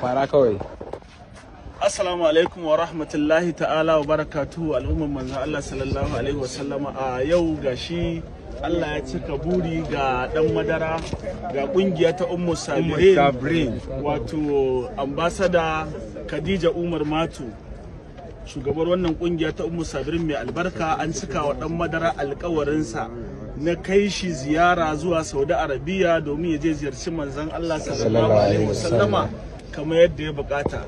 fara kawai Assalamu alaikum wa rahmatullahi ta'ala wa barakatu al'umman manzan Allah sallallahu alaihi wa sallama a yau gashi Allah ya cika buri ga dan madara ga kungiya ta Ummu Sabirin wato ambasada Khadija Umar Matu shugabar wannan kungiya ta Ummu Sabirin mai albarka an cika wa dan madara alkawarinsa na kai shi ziyara zuwa Saudi Arabiya domin ya je ziyarci manzan Allah sallallahu alaihi wa kamar yadda ya bukata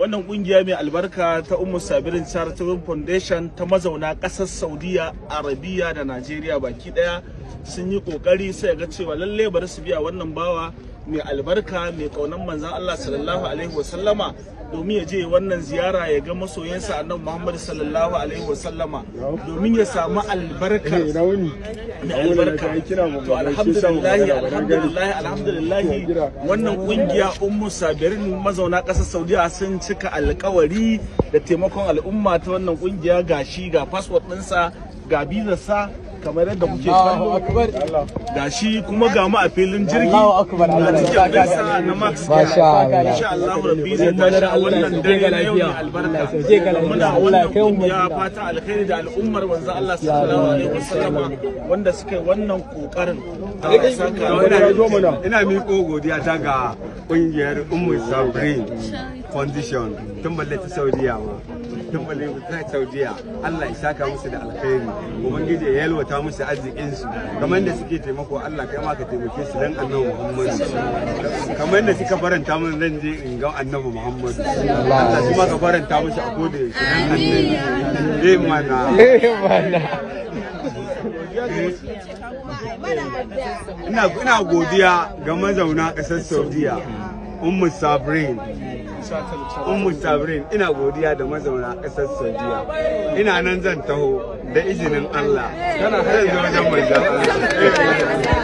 wannan kungiya mai albarka ta ummu sabirin charitable foundation ta mazauna kasar saudiya arabiya da najeriya baki daya sun yi kokari sai ga cewa lalle bari su biya wannan bawa mai albarka mai kaunan manzan allah sallallahu alaihi wasallama domin ya je wannan ziyara ya ga masoyansa nan muhammad sallallahu alaihi wasallama domin ya samu albarkar eh, na albarka to alhamdulillahi alhamdulillahi alhamdulillahi wannan kungiya ummu sabirin mazauna ƙasar saudiya sun cika alkawari da taimakon al'umma ta wannan kungiya ga shi ga fasfot ɗinsa ga bizarsa kamar yadda kuke shahu ga shi kuma ga mu a filin jirgi a cikin bisa na max masha Allah insha Allah rabbi zai tashi a wannan dare na yau ne albarka muna wannan ya fata alkhairi da al'ummar wanzu Allah sallallahu alaihi wasallam wanda suka yi wannan kokarin ina miƙo godiya ta ga kungiyar ummu sabrin condition tun balle ta saudiya ma tun balle ta saudiya Allah ya saka musu da alkhairi ubangiji ya yalwata yalwata musu arzikin su kamar da suke taimako Allah kai ma ka taimake su dan annabi Muhammad kamar da suka faranta mun zan je in ga annabi Muhammad Allah kuma ka faranta musu a koda su dan annabi eh mana eh mana ina godiya ga mazauna ƙasar Saudiya ummu sabrin ummu sabrin ina godiya da mazauna ƙasar saudiya ina nan zan taho da izinin allah zan zo wajen manzan allah